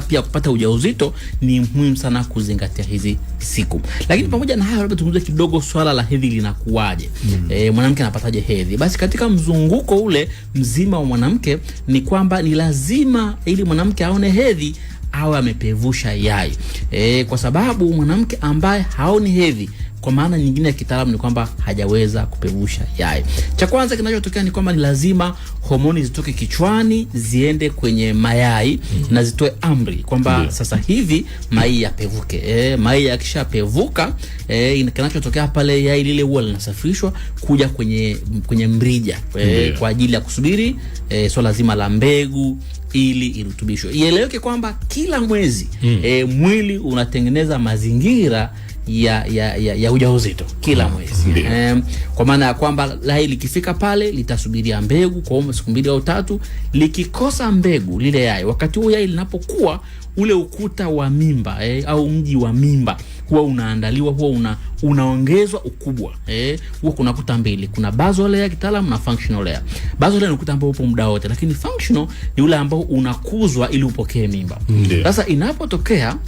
pia kupata ujauzito ni muhimu sana kuzingatia hizi siku. Lakini mm. pamoja na hayo, labda tuzungumze kidogo swala la hedhi linakuwaje? mm. E, mwanamke anapataje hedhi? Basi katika mzunguko ule mzima wa mwanamke ni kwamba ni lazima ili mwanamke aone hedhi awe amepevusha yai e, kwa sababu mwanamke ambaye haoni hedhi kwa maana nyingine ya kitaalamu ni kwamba hajaweza kupevusha yai. Cha kwanza kinachotokea ni kwamba ni lazima homoni zitoke kichwani ziende kwenye mayai mm -hmm. na zitoe amri kwamba yeah. sasa hivi mai yapevuke. E, mai yakishapevuka e, kinachotokea pale yai lile huwa linasafirishwa kuja kwenye kwenye mrija e, mm -hmm. kwa ajili ya kusubiri e, swala so zima la mbegu ili irutubishwe. Ieleweke kwamba kila mwezi mm e, mwili unatengeneza mazingira ya, ya, ya, ya ujauzito kila mm. mwezi um, kwa maana ya kwamba lai likifika pale litasubiria mbegu kwa siku mbili au tatu. Likikosa mbegu lile yai, wakati huo yai linapokuwa, ule ukuta wa mimba eh, au mji wa mimba huwa unaandaliwa, huwa una, unaongezwa ukubwa eh, huwa kuna kuta mbili, kuna basal layer kitaalamu na functional layer. Basal layer ni ukuta ambao upo muda wote, lakini functional ni ule ambao unakuzwa ili upokee mimba. Sasa inapotokea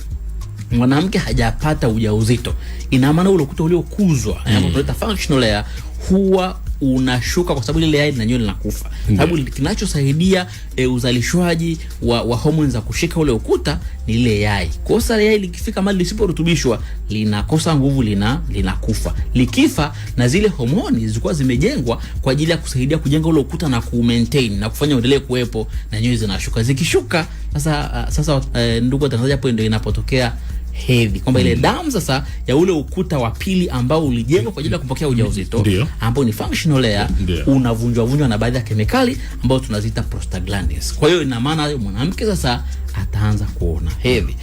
mwanamke hajapata ujauzito, ina maana ule ukuta uliokuzwa mm. tunaita functional layer huwa unashuka kwa sababu lile yai lenyewe linakufa, sababu kinachosaidia e, eh, uzalishwaji wa, wa homoni za kushika ule ukuta ni lile yai. Kwa hiyo yai likifika mali lisiporutubishwa linakosa nguvu, lina linakufa. Likifa na zile homoni zilikuwa zimejengwa kwa ajili ya kusaidia kujenga ule ukuta na ku maintain na kufanya uendelee kuwepo, na nywele zinashuka. Zikishuka sasa, sasa uh, ndugu watangazaji, hapo ndio inapotokea hedhi kwamba ile hmm. damu sasa ya ule ukuta wa pili ambao ulijengwa kwa ajili ya kupokea ujauzito ambao ni functional layer unavunjwa vunjwa na baadhi ya kemikali ambazo tunaziita prostaglandins. Kwa hiyo ina maana mwanamke sasa ataanza kuona hedhi.